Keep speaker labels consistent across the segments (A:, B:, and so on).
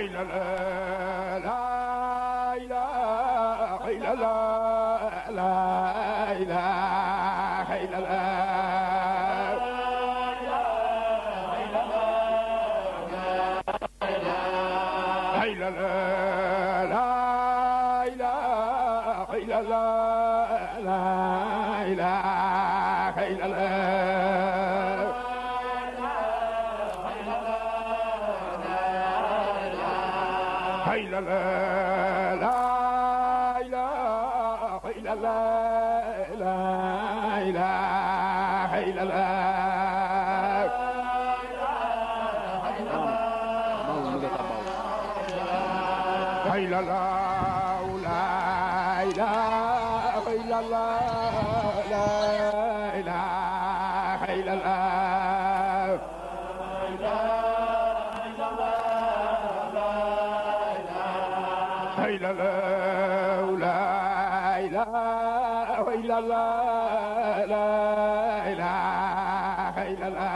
A: لا لا لا لا la la la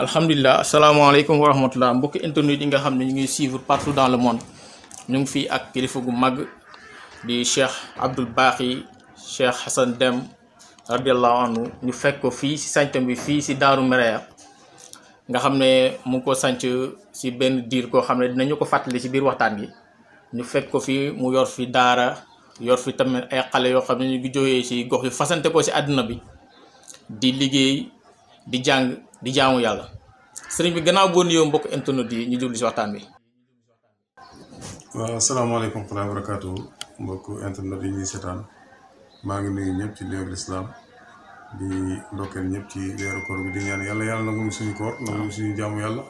B: alhamdulilah asalaamaaleykum wa rahmatulah mbokki internet yi nga xam ne ñu ngi suivre partout dans le monde ñu ngi fii ak kilifa gu mag di cheikh Abdoul Baaxi cheikh Hassan Deme radiallahu anhu ñu fekk ko fii si sàncam bi fii si Daaru Mireya nga xam ne mu ngi ko sànc ci benn diir koo xam ne dinañu ko fàttali si biir waxtaan gi ñu fekk ko fii mu yor fi daara yor fi tamit ay xale yoo xam ne ñu ngi jógee si gox yu fasante ko si àdduna bi di jàng. di jaamu yàlla sëriñ bi gannaaw boo nuyoo mbokk internet yi ñu jublu si waxtaan bi.
C: waaw asalaamaaleykum wa barakaatu mbokk internet yi ñuy seetaan maa ngi nuyu ñëpp ci nuyoo lislaam di ndokkeel ñëpp ci weeru koor bi di ñaan yàlla yàlla mu suñu koor nangu suñu jaamu yàlla.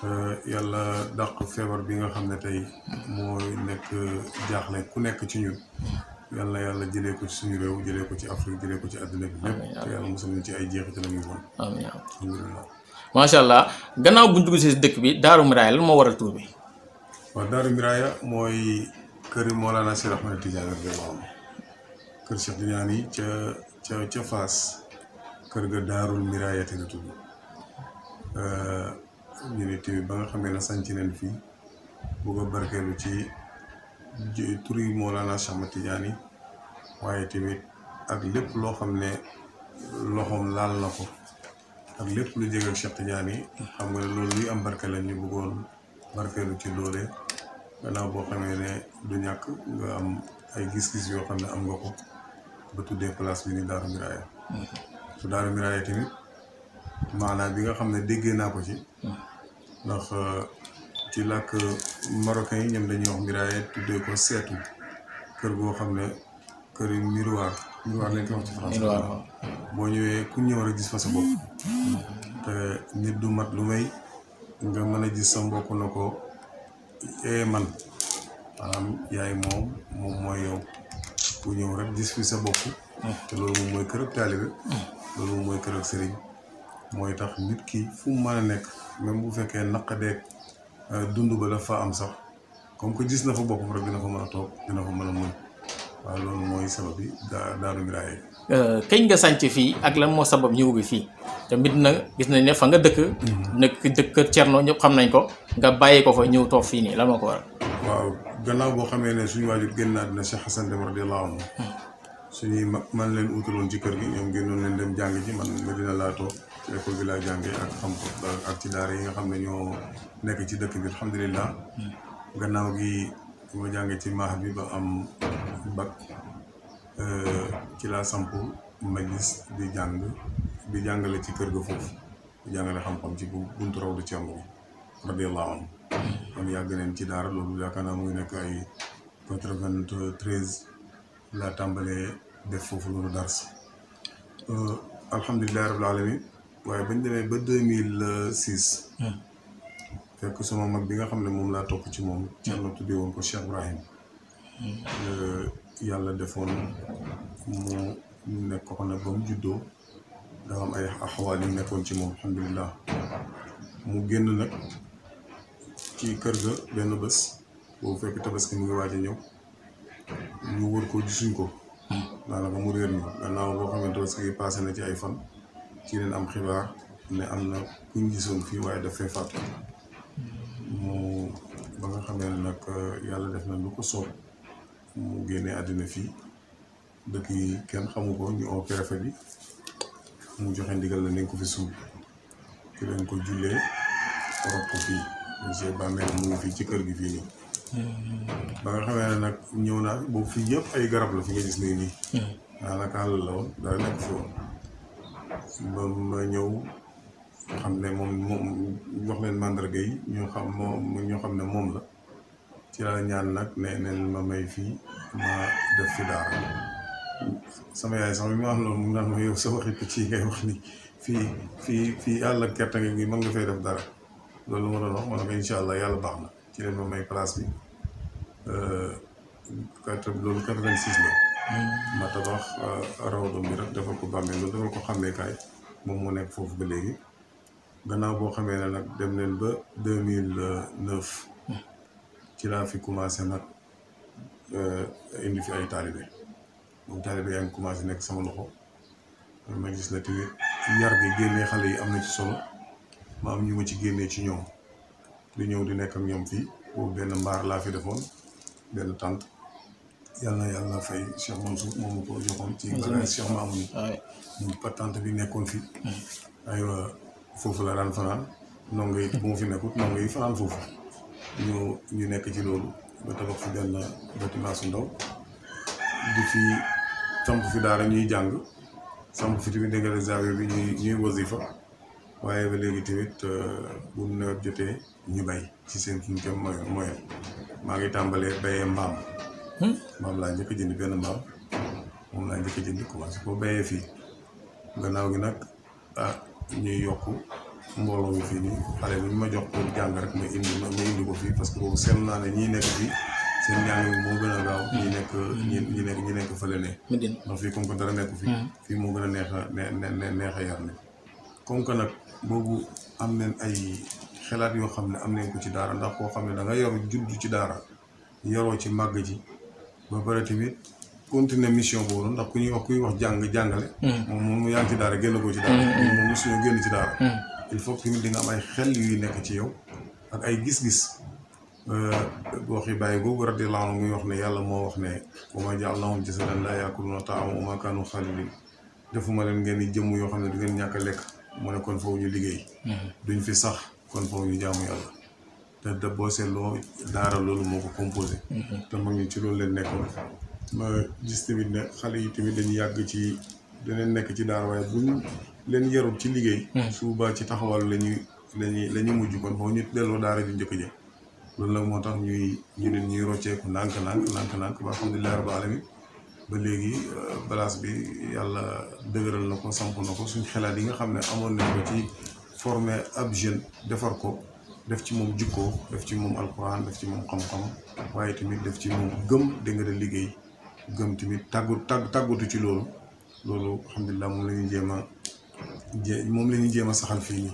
C: te yàlla daq feebar bi nga xam ne tey mooy nekk jaaxle ku nekk ci ñun. yàlla na yàlla jëlee ko ci suñu réew jëlee ko ci Afrique jëlee ko ci àddina bi lépp te yàlla mosal ñu ci ay jeexital
B: yu bon amiin alhamdulilah macha allah gannaaw bu dugg si dëkk bi Daaru Miraaya lan moo waral tur bi
C: waaw Daaru Miraaya mooy kër yi Mawlana Cheikh Ahmed Tidiane radiyallaahu anhu kër ca ca Faas kër ga Daarul Miraaya te la tudd euh, ba nga xamee ne sànci nañ fii bëgg barkeelu ci tur yi Mawlana Cheikh Tidiane waaye tamit ak lépp loo xam ne loxoom laal na ko ak lépp lu jege ak Cheikh xam nga loolu luy am barke la ñu bëggoon barkeelu ci loole gannaaw boo xamee ne du ñàkk nga am ay gis-gis yoo xam ne am nga ko ba tuddee place bi ni Daaru Miraaya su Daaru Miraaya tamit maanaam bi nga xam ne déggee naa ko ci mm. ndax ci làkk marocain yi ñoom dañuy wax miraaya tuddee ko seetu kër goo xam ne kër yu miroir miroir lañ koy wax boo ñëwee ku ñëw rek gis fa sa bopp. te nit du mat lu may nga mën a jis sa mbokk na ko ee eh, man maanaam moom moom mooy yow ku ñëw rek gis fi sa bopp. te loolu moom mooy kër ak taalibe. loolu moom mooy kër ak sëriñ. mooy tax nit ki fu mën a nekk même bu fekkee naqadeeg. Euh, dund ba dafa am sax comme que gis na fa boppam rek dina fa mën a toog dina fa mën a mën waaw loolu mooy sabab bi daa Daaru Birahim
B: euh, kañ nga sànc fii ak lan moo sabab ñëw bi fii tamit na gis nañ ne fa nga dëkk mhm. nekk dëkk Cerno ñëpp xam nañ ko nga bàyyi ko fa ñëw fii nii lan gannaaw boo xamee ne suñu waajur génn naa dina Cheikh Hassan Dem radiyallahu
C: anhu hmm. suñuy mag man leen utaloon ci kër gi ñoom génnoon leen jàng ji man Medina laa laa jàngee ak xam ko ak xam ne ñoo nekk ci dëkk bi alhamdulilah hmm. gannaaw gi ma jàngee ci maax bi ba am bac euh, ci laa samp ma gis di jàng bi jàngale ci kër ga foofu di jàngale xam-xam ci bu buntu raw du cemb bi radiallahu anhu hmm. kon yàgg neen ci daara loolu yaakaar naa muy nekk ay quatre-vingt-treize laa tàmbalee def foofu loolu dars euh, alhamdulilahi rabbil alamin waaye bañ demee ba deux mille six hmm. fekk sama mag bi nga xam ne moom laa topp ci moom Thierno tuddee woon ko Cheikh Ibrahim euh, yàlla defoon mu nekk ko nag ba mu juddoo dafa am ay axawaal yu nekkoon ci moom alhamdulilah mu génn nag ci kër ga benn bés boobu fekk tabaski mu ngi waaj a ñëw ñu wër ko gisuñ ko daanaka mu réer ñu gannaaw boo xam ne tabaski gi passé na ci ay fan ci leen am xibaar ne am na kuñ gisoon fii waaye daf fee fàttu mu ba nga xamee ne nag euh, yàlla def na lu ko soob mu génne àddina fii dëkk yi kenn xamu ko ñu oo préfet bi mu joxe ndigal la nañ ko fi suul ki ko jullee rob ko fii monsieur bàmmeel mu ngi fii ci kër gi fii nii hmm. ba nga xamee ne nag ñëw naa boobu fii yëpp ay garab la fi nga gis nii nii hmm. daanaka àll la woon daa nekk fi woon ba ma ñëw nga xam ne moom moom wax leen mandarga yi ñoo xam moom ñoo xam ne moom la ci laa ñaan nag ne neen ma may fii ma def fi daara sama yaay sax ma wax loolu mu naan sa waxi yi fii fii fii àll ak gerte ngi mën nga def dara loolu ma doon wax ma ne ko incha allah yàlla baax na ci leen ma may place bi euh, quatre loolu quatre-vingt-six la hmm. ma tabax euh, rawdom bi rek defal ko bàmmee loolu defal ko xàmmeekaay moom moo nekk foofu ba léegi gannaaw boo xamee ne nag dem leen ba deux mille neuf ci laa fi commencé nag euh, indi fi ay taalibe moom taalibe yaa ngi commencé nekk sama loxo ma gis na te yar bi génnee xale yi am na ci solo ma am ñu ma ci génnee ci ñoom di ñëw di nekk ñoom fi boobu benn mbaar laa fi defoon benn tànt yàlla na yàlla fay Cheikh Mansour moom ko joxoon ci bala Cheikh Mamoun moom patante bi nekkoon fii aywa foofu la daan fanaan ndongo yi bu mu fi nekkut ndongo yi fanaan foofu ñu ñu nekk ci loolu ba tabax fi benn bâtiment ndaw di fi samp fi daara ñuy jàng samp fi tamit ndegale zaawe bi ñuy ñuy wasifa waaye ba léegi tamit euh, bu nawet jotee ñu bay ci seen suñu kem moy maa ngi tàmbalee bayee mbaam hmm? mbaam laa njëkk a jënd benn mbaam moom laa njëkk jënd commencé ko bayee fii gannaaw gi nag ah, ñuy yokk mbooloo mi fii nii xale bu ñu ma jox ko jàng rek ma indi ma indi ko fii parce que boobu seetlu naa ne ñii nekk fii seen njàng moo gën a gaaw ñi nekk ñi nekk ñi nekk ne ndax fii comme que dara nekku hmm. a neex a neex a nag boobu am nañ ay xelaat yoo xam ne am nañ ko ci daara ndax koo xam ne da nga yaru judd ci daara yaroo ci màgg ji ba pare tamit continuer mission boobu ndax ku ñuy wax kuy wax jàng jàngale. Hmm. moom moom yaa ngi ci daara génn ko ci daara. Hmm, hmm. moom mosu génn ci daara. il faut tamit di nga am ay xel yuy nekk ci yow ak ay gis-gis. wax euh, yi bàyyi boobu radiyallaahu anhu muy wax ne yàlla moo wax ne wa maa ja'alnaahum jasadan laa ya'kuluuna ta'aama wa maa kaanu xaalidiin defuma leen ngeen di jëmm yoo xam ne du ngeen ñàkk lekk moo ne kon foofu ñu liggéey. duñ fi sax kon foofu ñu jaamu yàlla. te da boo seetloo daara loolu moo te mag ñi ci loolu leen ma gis tamit ne xale yi tamit dañuy yàgg ci danañ nekk ci daara waaye buñ leen yarul ci liggéey hmm. suuba ci taxawal lañuy lañuy la ñuy mujj kon foofu ñu delloo daara ju njëkk loolu nag moo tax ñuy ñu leen ñuy rocceeku ndànk ndànk ndànk ndànk ba alhamdulilah rabbil alamin ba léegi balaas euh, bi yàlla dëgëral na ko samp na ko suñ xelaat yi nga xam ne amoon nañ ko ci former ab jeune defar ko def ci moom jikko def ci moom alquran def ci moom xam-xam waaye tamit def ci moom gëm nga da liggéey gëm tamit tàggu tàggu tàggatu ci loolu loolu alhamdulilah moom la ñuy jéem moom la jéem a saxal fii nii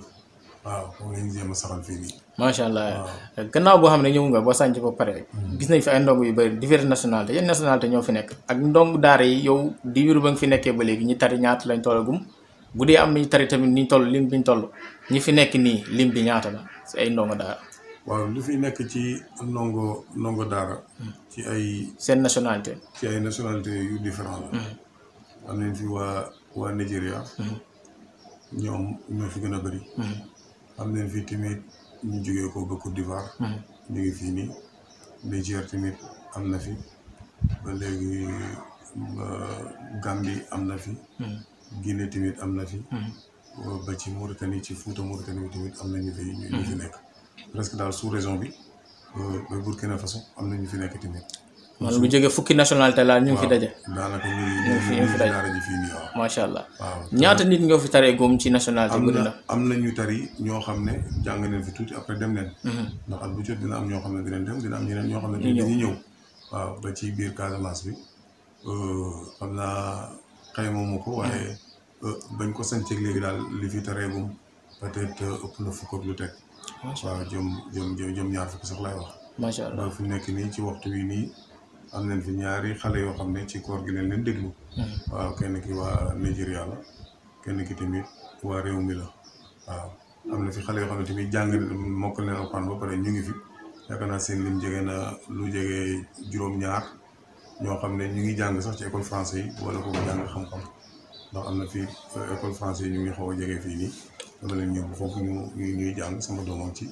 C: waaw moom la ñuy jéem fii nii.
B: macha allah gannaaw boo xam ne ñëw nga ba sànc ba pare. Mhm. gis nañ fi ay ndongo yu bëri diverses nationalités yan nationalité ñoo fi nekk ak ndongo daara yi yow diiru ba nga fi nekkee ba léegi ñi tari ñaata lañ tollagum bu dee am nañu tari tamit ni ñu toll lim bi ñu toll ñi fi nekk nii lim bi ñaata la si ay ndongo daara. waaw lu fi nekk ci ndongo ndongo daara. ci ay. seen nationalité. ci ay nationalité
C: yu différent la. Mm-hmm. am nañ fi waa Nigéria. Mm-hmm. ñoom ñoo fi gën a bari mm-hmm. am nañ fi tamit ñu jógee ko ba Côte d'Ivoire. ñu ngi fii nii Niger tamit am na fi ba léegi Gambie am na fi. Guinée tamit am na fi. ba ci Mauritanie ci Fouta Mauritanie tamit am na ñu fi ñu fi nekk. presque daal sous raison bi ba Burkina Faso am na ñu fi nekk tamit. man bu jóge fukki national laa ñu fi daje. daanaka ñu ngi fi ñu ngi fi daje fii nii waaw. allah ñaata
B: nit ñoo fi taree góom ci nationalité. am na
C: am na ñu tari ñoo xam ne jàng nañ fi tuuti après dem neen mhm. ndax at bu jot dina am ñoo xam ne dinañ dem dina am ñeneen ñoo xam ne. dañuy ñëw waaw ba ci biir Casamance bi euh, xam naa xayma mu ko mhm. waaye euh, bañ ko sañceeg léegi daal li fi taree góom peut euh, ëpp na fukk ak lu teg. waaw jëm jëm jëm ñaar fukk sax lay wax. macha allah ndax fi nekk nii ci waxtu wi nii am nañ fi ñaari xale yoo xam ne ci koor gi lañ leen déglu. Hmm. waaw kenn ki waa Nigeria la kenn ki tamit waa réew mi la waaw. am na fi xale yoo xam ne tamit jàng mokkal leen alxuraan ba pare ñu ngi fi yaakaar naa seen lim jege na lu jege juróom-ñaar ñoo xam ne ñu ngi jàng sax ci école français yi wala ko jàng xam-xam ndax am na fi euh, école français yi ñu ngi xaw a jege fii nii. dama ñu ñu ñuy jàng sama doomam ci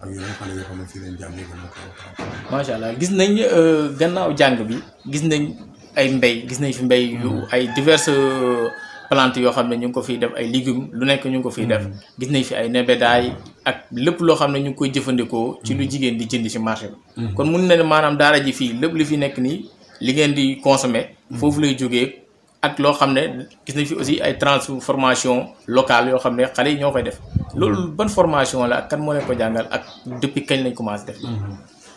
C: ak yeneen xale yoo ne
B: fii
C: allah gis nañ
B: euh, gannaaw jàng bi gis nañ ay mbéy gis nañ fi mbéy yu mm-hmm. ay diverse euh, plantes yoo xam ne ñu ngi ko fiy def ay légumes lu nekk ñu ko fiy def. Mm-hmm. gis nañ fi ay nebedaay ak lépp loo xam ne ñu ngi koy jëfandikoo. ci lu mm-hmm. jigéen di jënd ci marché kon mun na ne maanaam daara ji fii lépp lu fi nekk nii li ngeen di consommer. foofu lay jógee. ak loo xam ne gis nañ fi aussi ay transformation locale yoo xam ne xale yi ñoo koy def loolu hmm. ban formation la ak kan moo leen ko jàngal ak depuis kañ lañ commencé def. Hmm.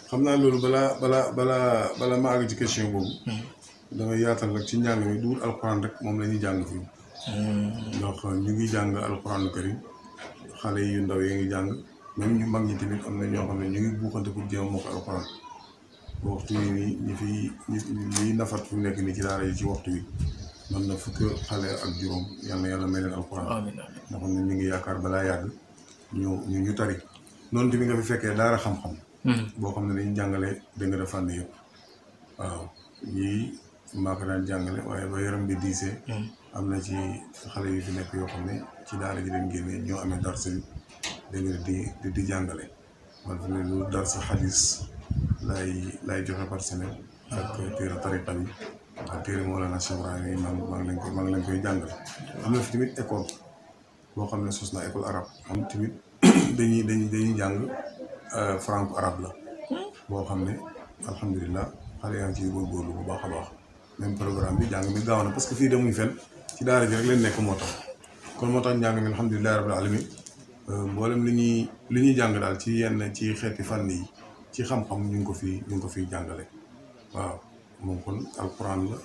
C: xam naa loolu balaa balaa balaa balaa ma àgg ci question boobu. Hmm. damay yaatal rek ci njàng mi duwul alxuraan rek moom la ñuy jàng fii. donc ñu ngi jàng alxuraanu karim xale yu ndaw yi ngi jàng même ñu mag ñi tamit am na ñoo xam ne ñu ngi buuxante pour jéem moo ko alxuraan waxtu yi nii ñu fi ñu nafar fu nekk nii ci daara yi ci waxtu wi. man na fukki xale ak juróom yal na yàlla may leen alquran nga xam ne ñu ngi yaakaar balaa yàgg ñu ñu ñu tari noonu tamit nga fi fekkee daara xam-xam hmm. boo xam ne dañu jàngale dënga da fànn yëpp jàngale waaye ba yaram bi diisee hmm. am na ci xale yu fi nekk yoo xam ne ci daara ji leen génnee ñoo amee dar sa dënga da di jàngale man fi ne lu dar sa lay lay joxe par semaine ak téere tariqa bi waaw téere Mawlana la Ibrahima yi man maa leen koy maa ngi leen koy am na fi tamit école boo xam ne sos na école arabe am tamit dañuy dañuy dañuy jàng euh, franco arabe la boo xam ne alhamdulilah xale yaa ngi ciy góorgóorlu bu baax a baax même programme bi jàng mi gaaw na parce que fii demuñu fenn ci daara ji rek leen nekk moo tax kon moo tax njàng mi alhamdulilah rabbil euh, mboolem li ñuy li ñuy jàng daal ci yenn ci xeeti fànn yi ci xam-xam ñu ngi ko fi ñu ko fiy jàngale waaw. moom kon alquran la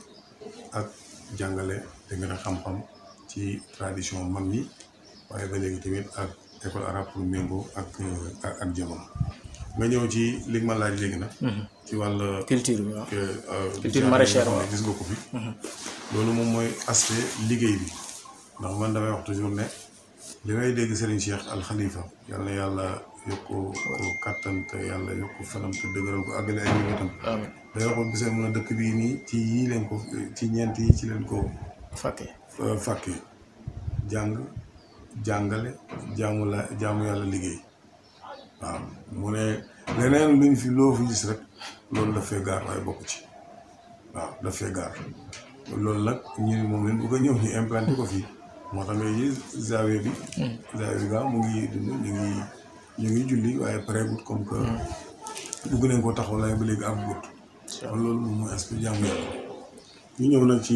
C: ak jàngale te a xam-xam ci tradition mag ñi waaye ba léegi tamit ak école arabe pour méngoo ak ak jamono nga ñëw ci li ma laaj léegi nag. Mhm. ci wàll culture bi euh, euh, culture gis nga ko mhm. loolu moom mooy aspect liggéey bi ndax man damay wax toujours ne li may dégg Serigne Cheikh Al yal na yàlla yokk ko kattan yàlla yokk fanam te dëgëral ko àggale ay yëngu d'ailleurs boo gisee mën a dëkk bii nii ci yii leen ko ci ñeent yi ci leen ko fàkkee fàkkee jàng jàngale jaamu la jaamu yàlla liggéey waaw mu ne leneen luñ fi loo fi gis rek loolu daf fee gaar waaye bokk ci waaw daf fee gaar loolu nag ñu ne moom leen bëgg a ñëw ñu implanté ko fii moo tax ngay gis bi hmm. zaawee bi gaa mu ngi dund ñu ngi ñu ngi julli waaye pareegut comme que dugg hmm. nañ ko taxaw laay ba léegi am gut kon loolu moom mooy aspect jaamu yàlla ñu ñëw na ci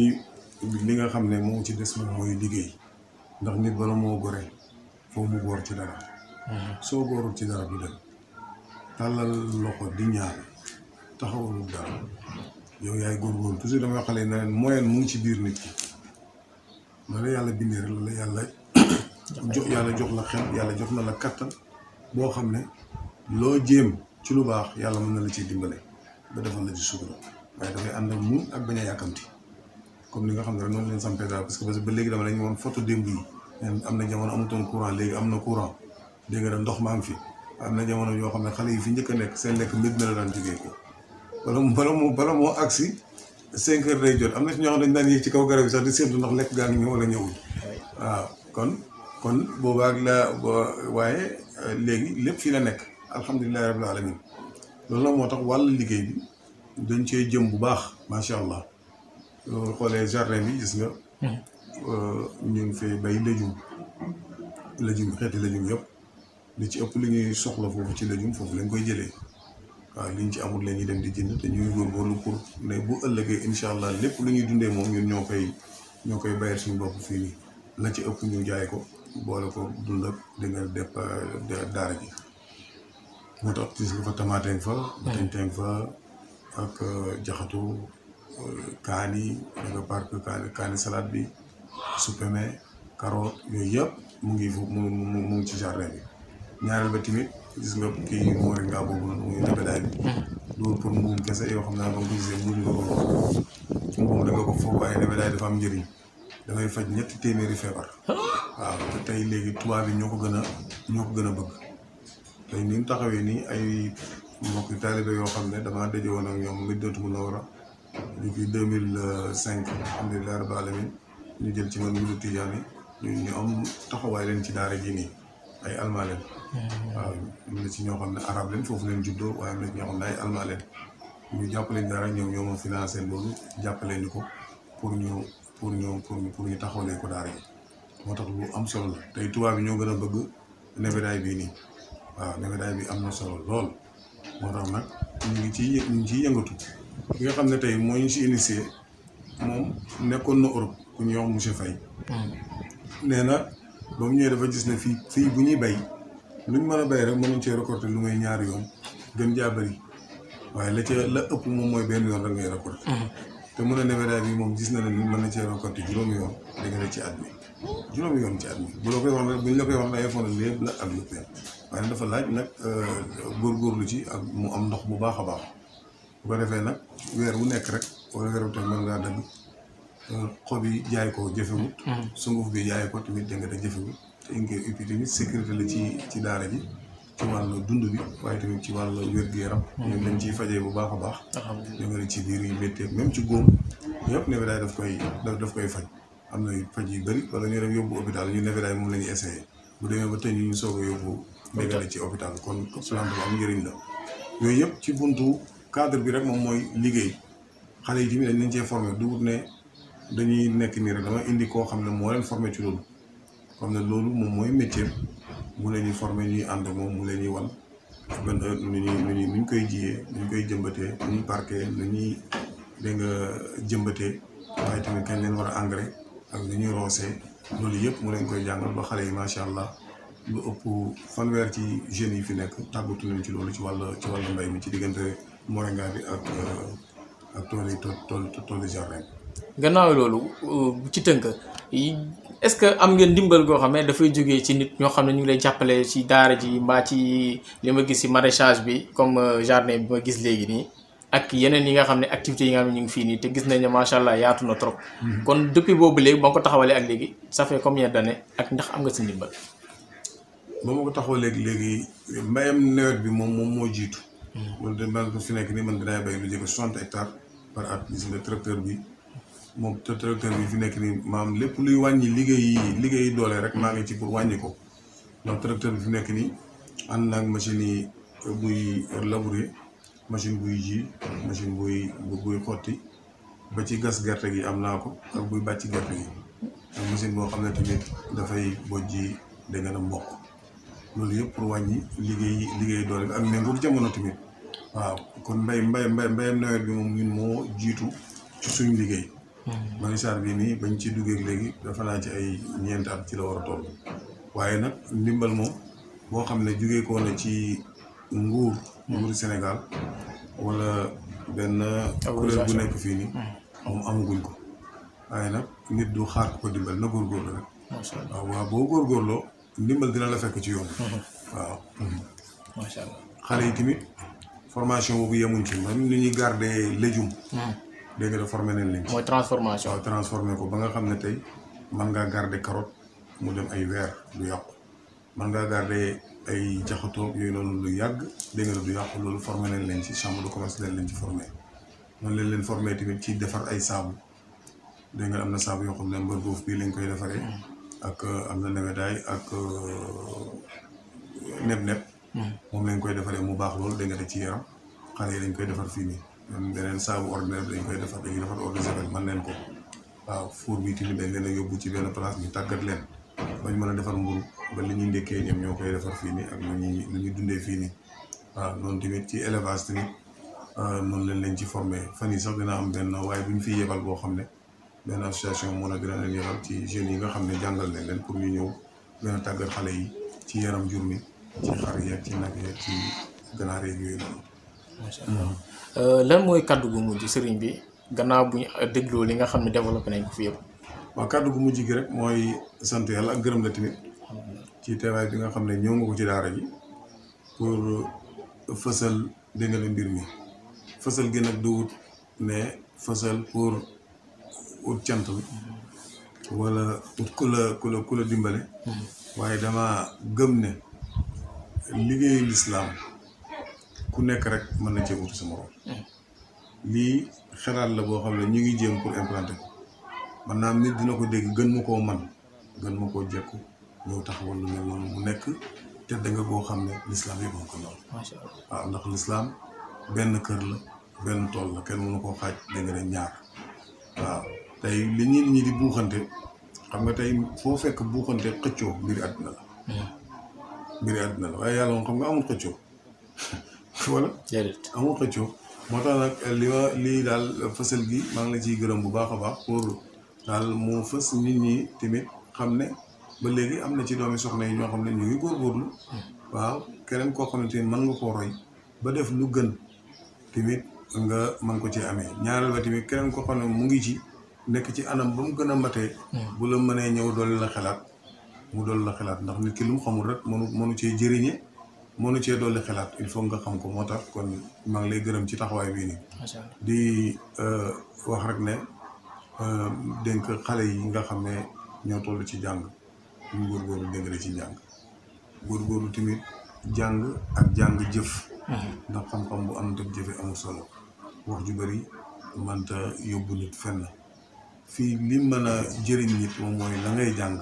C: li nga xam ne moom ci des moom mooy liggéey ndax nit bala moo gore foo mu góor ci dara mm-hmm. soo góorul ci dara du dem tàllal loxo di ñaan taxawalul dara yow yaay góorgóorlu toujours dama xale na leen moyen mu ngi ci biir nit ki ma la yàlla bindee rek yàlla jox yàlla jox la xel yàlla jox na la kattan boo xam ne loo jéem ci lu baax yàlla mën na la ciy dimbale ba defal la ci sutura waaye dafay ànd ak muñ ak bañ a yàkkamti comme ni nga xam ne rek noonu leen sampee daal parce que parce que ba léegi dama lañu woon photo démb yi am na jamono amutoon courant léegi am na courant dégg nga ndox maa ngi am na jamono yoo xam ne xale yi fi njëkk nekk seen lekk mbir mi la daan jógee ko bala mu moo bala moo agsi cinq heures day jot am na si ñoo xam dañ daan yéeg ci kaw garab yi sax di seetlu ndax lekk gaa ngi ñëw wala ñëwul waaw kon kon boobaag la waaye euh, léegi lépp fii la nekk alhamdulilahi rabbil alamin loolu nag moo tax wàllu liggéey bi dañ cee jëm bu baax macha allah loolu xoolee jardin bi gis nga. Hmm. ñu ngi fay bay légume légume xeeti légume yëpp li ci ëpp lu ñuy soxla foofu ci légume foofu lañ koy jëlee waaw liñ ci amul la ñuy dem di jënd te ñuy góorgóorlu pour ne bu ëllëgee incha allah lépp lu ñuy dundee moom ñun ñoo koy ñoo koy bayal suñu bopp fii nii la ci ëpp ñu jaay ko boole ko dund ak di nga def daara ji. moo tax gis nga fa tamaateng fa. teng fa ak euh, jaxatu euh, kaani da park kaani kaani bi supame carotte yooyu yëpp mu ngi mu mu mu ngi ci jardin bi ñaareel ba tamit gis nga kii moringa boobu noonu muy nebedaay bi. loolu pour mbuum kese yoo xam ne moom bu gisee mbuum la ko mbuum da ko foog waaye nebedaay dafa am njëriñ dafay faj ñetti téeméeri feebar. waaw tey léegi tubaab yi ñoo ko gën a ñoo ko gën a bëgg. tey ni taxawee nii ay mbokki taalibe yoo xam ne dama daje woon ak ñoom Madinatu Munawara depuis deux mille euh, cinq alhamdulilah rabbil alamin ñu jël ci man mbiru Tijaani ñu ñu am taxawaay leen ci daara ji nii ay almaa leen mm-hmm. ñoo xam ne arab leen foofu leen juddoo waaye ci ñoo xam ne ay almaa leen ñu jàppale ñu dara ñoom ñoo ma financé loolu jàppale ñu ko pour ñu pour ñu pour ñu taxawalee ko daara ji moo tax lu am solo la tey tubaab yi ñoo gën a bëgg nebedaay bii nii waaw nebedaay bi am na solo lool moo tax nag ñu ngi ci ñu ngi ciy yëngatu bi nga xam ne tey moo ñu si initié moom nekkoon na Europe ku ñuy wax monsieur Faye hmm. nee na ba mu ñëwee dafa gis ne fii fii bu ñuy bay ñu mën a bay rek mënuñ cee lu may ñaar yoon gën jaa yi waaye la ca la ëpp moom mooy benn yoon rek ngay récolter hmm. te mun a nebedaay bi moom gis na ne luñ mën a cee récolter juróomi yoon da nga ci at mi juróomi yoon ci at mi bu la koy wax na buñ la koy wax ne waaye dafa laaj nag euh, góorgóorlu ci ak mu am ndox bu baax a baax bu ko defee nag weer wu nekk rek wala weer wu teg mën ngaa dagg euh, xob yi jaay ko jëfewut mm-hmm. sunguf bi jaay ko tamit da nga da jëfewut te inge uppi la ci ci daara ji ci wàllu dund bi waaye tamit ci wàllu wér yaram ñoom mm-hmm. ciy fajee bu baax a baax na ñoomene ci biir yu méttee même ci góom yëpp nefe daay daf koy daf koy faj am na faj yu bëri wala ñu dem yóbbu hôpital ñu nefe daay moom la ñuy essayé bu demee ba tey ñu soog a yóbbu mbégale ci hôpital kon plante am njëriñ la yooyu yëpp ci buntu cadre bi rek moom mooy liggéey xale yi tamit dañ cee formé dugut ne dañuy nekk nii rek indi koo xam ne moo leen formé ci ne loolu moom mooy métier mu leen ñuy formé ñuy ànd moom mu leen ñuy wan benn heure nu ñuy koy jiyee nu ñu koy jëmbatee nu ñuy parqué nu ñuy dégg nga jëmbatee waaye tamit kañ leen war a engrais ak nu ñuy roosee loolu yëpp mu leen koy jàngal ba xale yi macha allah. lu ëpp fanweer ci jeunes yi fi nekk tàggatu nañ ci loolu ci wàll ci wàllu mbay mi ci diggante moringa bi ak euh, ak tool yi tool tool jardin.
B: gannaaw loolu euh, ci tënk est-ce que am ngeen ndimbal goo xam ne dafay jógee ci nit ñoo xam ne ñu ngi lay jàppale ci daara ji mbaa ci li ma gis ci maraîchage bi comme euh, jardin bi ma gis léegi nii ak yeneen yi nga xam ne activités yi nga xam ne ñu ngi fii nii te gis nañ ne macha allah yaatu na trop. Mhm. kon depuis boobu léegi ba nga ko taxawalee ak léegi ça fait combien d'années ak ndax am nga si ndimbal. ba ma ko taxoo léegi léegi mbayam nawet bi moom moom moo jiitu.
C: loolu de man fi nekk nii man dinaa bay lu jege soixante ectare par at gis nga tracteur bi moom tracteur bi fi nekk nii maam lépp luy wàññi liggéeyi liggéeyi doole rek maa ngi ci pour wàññi donc tracteur bi fi nekk nii ànd naag machine yi buy labourer machine buy ji machine buy buy xotti ba ci gas gerte gi am naa ko ak buy bàcc gerte gi ak machine boo xam ne tamit dafay bojji danga na mboq. loolu yëpp pour wàññi liggéey liggéey doole bi ak méngoog jamono tamit waaw kon mbay mbay mbay mbayam bi moom ñun moo jiitu ci suñ liggéey. Hmm. maraîchage bi nii bañ ci duggee léegi dafa naa ci ay ñeent ci la war a toll waaye nag ndimbal moom boo xam ne jugee koo na ci nguur. Hmm. nguuru Sénégal wala benn kuréel bu nekk fii nii. Hmm. moom amaguñ ko waaye nag nit du xaar ko dimbal na góorgóorlu rek. waaw waaw boo góorgóorloo. ndimbal dina la fekk ci yoon. waaw.
B: Mm-hmm. macha allah
C: xale yi tamit formation boobu yemuñ ci man ni ñuy garder légume. Mm. dégg nga formé nañ leen ci.
B: mooy transformation
C: waaw ko ba nga xam ne tey mën ngaa garder carotte mu dem ay weer du yàqu mën ngaa garder ay jaxatoog yooyu noonu lu yàgg dégg nga du yàqu loolu formé nañ leen ci chambre de commerce dañ leen ci formé noonu lañ leen formé tamit ci defar ay saabu dégg nga am na saabu yoo xam ne mbër boobu bii lañ koy defaree. Mm. ak euh, am na nebedaay ak euh, neb-neb hmm. moom lañ koy defaree mu baax loolu dégg nga ci yaram xale yi dañ koy defar fii nii ñoom beneen saabu ordinaire bi dañ koy defar dañuy defar eau de javel mën leen ko waaw four bi tamit dañ leen a yóbbu ci benn place ñu tàggat leen bañ mën a defar mburu ba li ñuy ndekkee ñoom ñoo koy defar fii nii ak nu ñuy lu ñuy dundee fii nii waaw noonu tamit ci élevage tamit euh, noonu leen leen ci formé fan yi sax dina am benn waaye bu ñu fi yebal boo xam ne benn association moo la gën a ci jeunes yi nga xam ne jàngal nañ leen pour ñu ñëw gën a tàggat xale yi ci yaram jur mi ci xar yeeg ci nag yeeg ci ganaar yeeg yooyu noonu. macha
B: euh, mooy kàddu gu mujj sëriñ bi gannaaw bu ñu dégloo li nga xam ne développé nañ ko fi yëpp. waaw kaddu gu mujj gi rek mooy sant yàlla ak gërëm la tamit
C: ci teewaay bi nga xam ne ñëw nga ko ci daara yi pour fësal dégg mbir mi fësal gi nag du wut fësal pour. ut cant wala ut ku la ku la ku la dimbale mm-hmm. waaye dama gëm ne liggéeyu lislaam ku nekk rek mën na cee ut sa morom mm-hmm. lii xalaat la boo xam ne ñu ngi jéem pour implanter ko maanaam nit dina ko dégg gën ma koo man gën ma koo jekku ñëw taxawal lu mel noonu mu nekk te da koo xam ne lislaam yëpp ko lool waaw ndax lislaam benn kër la benn tool la kenn mënu koo xaaj da nga ñaar waaw tey li ñenn ñi di buuxante xam nga tey foo fekk buuxante xëccoo mbiri àdduna la. mbiri àdduna la waaye yàlla moom xam nga amul xëccoo. wala amul xëccoo. moo tax nag li lii daal fësal gi maa ngi la ciy gërëm bu baax a baax pour daal moo fës nit ñi tamit xam ne ba léegi am na ci doomi soxna yi ñoo xam ne ñu ngi góorgóorlu. waaw keneen koo xamante ni mën nga koo roy ba def lu gën tamit nga mën ko ci amee ñaareel ba tamit keneen ko xam ne mu ngi ci. nekk ci anam ba mu gën a matee. Hmm. bu la mënee ñëw doole la xalaat mu doole la xalaat ndax nit ki lu mu xamul rek mënu mënu cee jëriñe mënu cee doole xalaat il faut nga xam ko moo tax kon maa ngi lay gërëm ci taxawaay bii nii. di euh, wax rek ne euh, dénk xale yi nga xam ne ñoo toll ci jàng ñu góorgóorlu dégg na ci jàng góorgóorlu tamit jàng ak jàng jëf. Hmm. ndax xam-xam bu am te jëfe amul solo wax ju bari mënta yóbbu nit fenn. fii li mën a jëriñ nit moom mooy la ngay jàng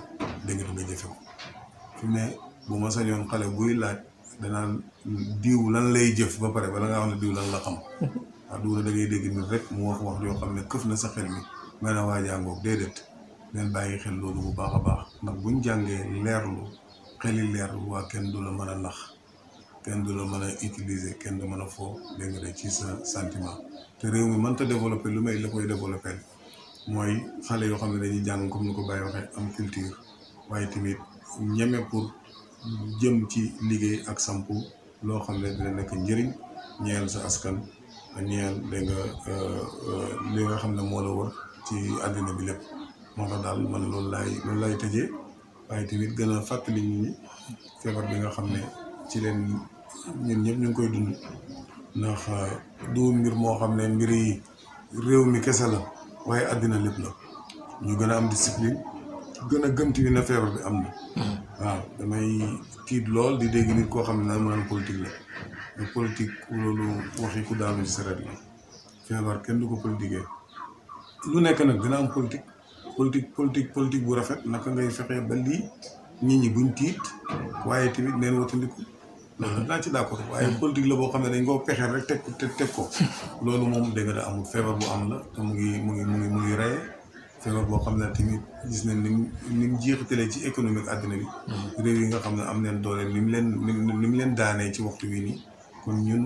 C: dégg nga nga jëfe ko fi ne bu ma sañoon xale buy laaj danaan diw lan lay jëf ba pare bala ngaa wax ne diw lan la xam waaw du na da ngay dégg nit rek mu wax wax yoo xam ne këf na sa xel mi mën a waajaangoog déedéet leen bàyyi xel loolu bu baax a baax ndax buñ jàngee leerlu xeli leer waa kenn du la mën a nax kenn du la mën a utiliser kenn du mën a foo dégg nga ci sa sentiment te réew mi manta développer lu may la koy mooy xale yoo xam ne dañuy jàng comme ni ko Baye waxee am culture waaye tamit ñeme pour jëm ci liggéey ak sampu loo xam ne dina nekk njëriñ ñeel sa askan ñeel dégg nga euh, euh, li nga xam ne moo la wër ci àddina bi lépp moo tax daal man loolu laay loolu laay tëjee waaye tamit gën a fàttali nit bi nga xam ne ci leen ñun ñu ngi koy dund ndax euh, du ngir moo xam ne mbir réew mi kese la. waaye àddina lépp la ñu gën a am discipline gën a gëm ne feebar bi am na. Hmm. damay tiit lool di dégg nit koo xam ne daal ma naan politique la mais politique loolu waxi ku daanu ci la feebar kenn du ko politiquee lu nekk nag dina am politique politique politique bu rafet naka ngay fexee ba lii nit ñi buñ tiit waaye tamit neen watandiku loolu naa ci d'accord hmm. waaye politique la boo xam ne dañ koo pexeel rek teg ko teg hmm. loolu moom dégg na amul feebar bu am la te mu ngi mu ngi mu ngi mu ngi reye feebar boo xam ne tamit gis nañ ni mu ni mu jeexitalee ci économique àddina bi hmm. réew yi nga xam ne am neen doole ni mu leen ni mu leen daanee ci waxtu wi nii kon ñun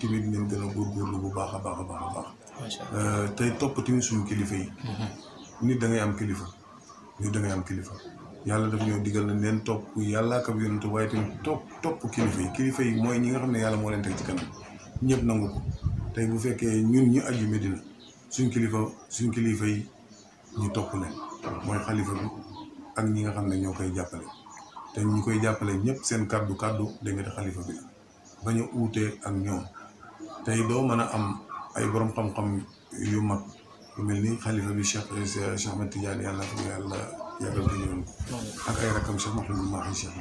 C: tamit nañ gën a góorgóorlu bu baax a baax a baax a baax euh, tey topp tamit suñu kilifa yi nit dangay am kilifa nit da am kilifa yàlla def ñoo digal na leen topp yàlla ak ab yonentu waaye tamit topp topp kilifa yi kilifa yi mooy ñi nga xam ne yàlla moo leen teg ci kanam ñëpp nangu ko tey bu fekkee ñun ñi aju Medina suñ kilifa suñ kilifa yi ñu topp leen mooy xalifa bi ak ñi nga xam ne ñoo koy jàppale te ñi koy jàppale ñëpp seen kàddu kàddu dégg nga xalifa bi bañ a uutee ak ñoom tey doo mën a am ay borom xam-xam yu mag yu mel ni xalifa bi Cheikh Cheikh Ahmed Tidiane yàlla yàlla. yàggal ko ñëwoon ak ay rakam Cheikh Mouhamadou Mahi Cheikh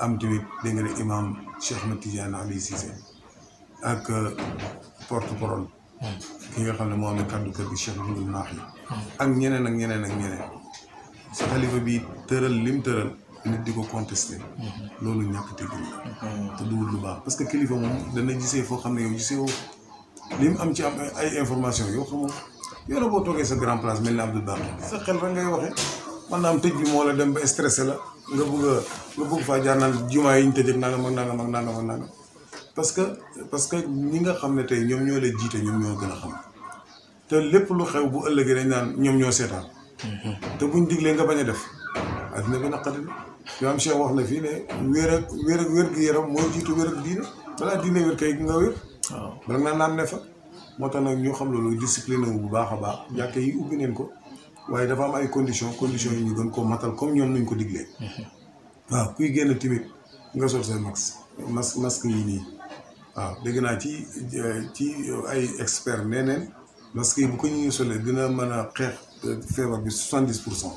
C: am tamit dégg nga ne imam Cheikh Ahmed Tidiane Ali Cissé ak euh, porte parole. ki nga xam ne moo amee kàddu kër gi Cheikh Mouhamadou Mahi ak ñeneen ak ñeneen ak ñeneen sa xalifa bi tëral lim tëral. nit di ko contesté. loolu ñàkk te te duwul lu baax parce que kilifa moom dana gisee foo xam ne yow gisee woo li am ci am ay information yoo xamoo yow la boo toogee sa grand place mel ni Abdou Dame sa xel rek man naa am tëj bi moo la dem ba stressé la nga bëgg a nga bëgg faa jaar jumaa yi ñu tëj ak nangam ak nangam ak parce que parce que ñi nga xam ne tey ñoom ñoo la jiite ñoom ñoo gën a xam te lépp lu xew bu ëllëgee dañ naan ñoom ñoo seetaan. Mhm. te buñ diglee nga bañ a def adduna bi naqari wax na fii ne wéer ak wéer ak moo jiitu wér ak diine balaa naan ne fa. moo tax nag ñoo xam loolu discipline bu baax a baax jàkk yi ubbi neen ko waaye dafa am ay condition condition yi ñu gën koo matal comme ñoom nuñ ko diglee waaw kuy génn timit nga sol say max mas masque yi nii waaw dégg naa ci ci ay expert nee neen masque yi bu ko ñu solee dina mën a xeex feebar bi soixante-dix pour cent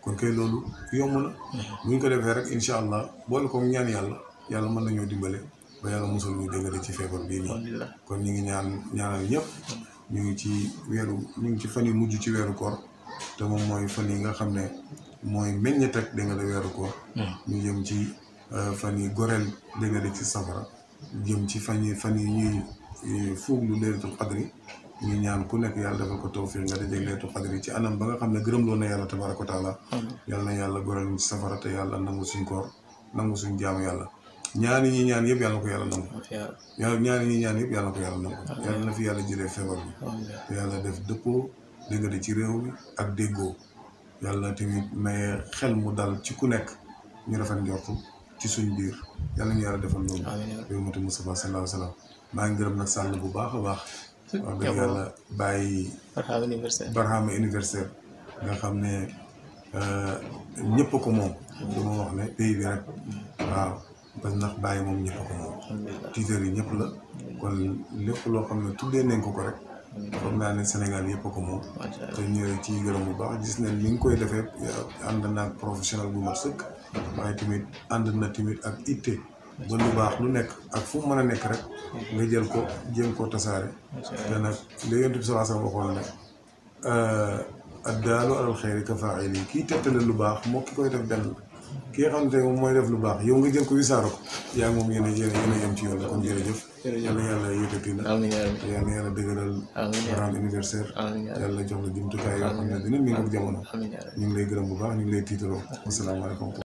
C: kon kay loolu yomb na hmm. buñ ko defee rek incha allah boole ko ñaan yàlla yàlla mën nañoo dimbalee ba yàlla musul ñu dëngale ci feebar bii nii kon ñu ngi ñaan ñaanal ñëpp ñu ngi ci weeru ñu ngi ci fan yi mujj ci weeru koor te moom mooy fan yi nga xam ne mooy meññet ak dëngale weeru koor hmm. ñu jëm ci euh, fan yi goreel dëngale ci safara jëm ci fan yi fan yi euh, lu fuuglu leeratul xadri ñu ñaan ku nekk yàlla dafa ko tawfiq nga dajeeg leetu xadri ci anam ba nga xam ne gërëmloo na yàlla tabaraka taala yàlla na yàlla goreel ci safara te yàlla nangu suñ koor nangu suñ jaamu yàlla ñaani ñi ñaan yëpp yàlla ko yàlla nangu yàlla ñaani ñi ñaan yëpp yàlla ko yàlla nangu yàlla na fi yàlla jëlee feebar bi yàlla def dëppoo dégg de ci réew mi ak déggoo yàlla tamit maye xel mu dal ci ku nekk ñu rafet njort ci suñ biir yàlla ñu yàlla defal loolu yow matu Mustafa maa ngi gërëm nag sàll bu baax a baax bàyyi Barhama universitaire xam ne euh, ñëpp ko moom dama wax ne pays bi rek waaw ba ndax bàyyi moom ñëpp ko moom tiitër yi ñëpp la kon lépp loo xam ne tuddee nañ ko ko rek xam naa ne Sénégal yëpp ko moom te ñëwe ci gërëm bu baax gis nañ ni nga koy defee ànd naag professionnel bu mat sëkk waaye tamit ànd na tamit ak itte ba lu baax lu nekk ak fu mën a nekk rek nga jël ko jéem ko tasaare te nag li yonent bi sallallahu alayhi wasallam waxoon ne addaalu alal xeyri ka faa'ili kii tegtale lu baax moo ki koy def benn ki nga xamante moom mooy def lu baax yow nga jël ko wisaara ko yaa ngi moom yéen a yéen a a yem ci yoon la kon jërëjëf. jërëjëf yàlla yàlla yëkkati na. amiin amiin yàlla yàlla dëgëral. amiin grand yàlla jox la jumtukaay yoo xam ne dina méngóog jamono. amiin ñu ngi lay gërëm bu baax ñu ngi lay tiitaroo. asalaamaaleykum.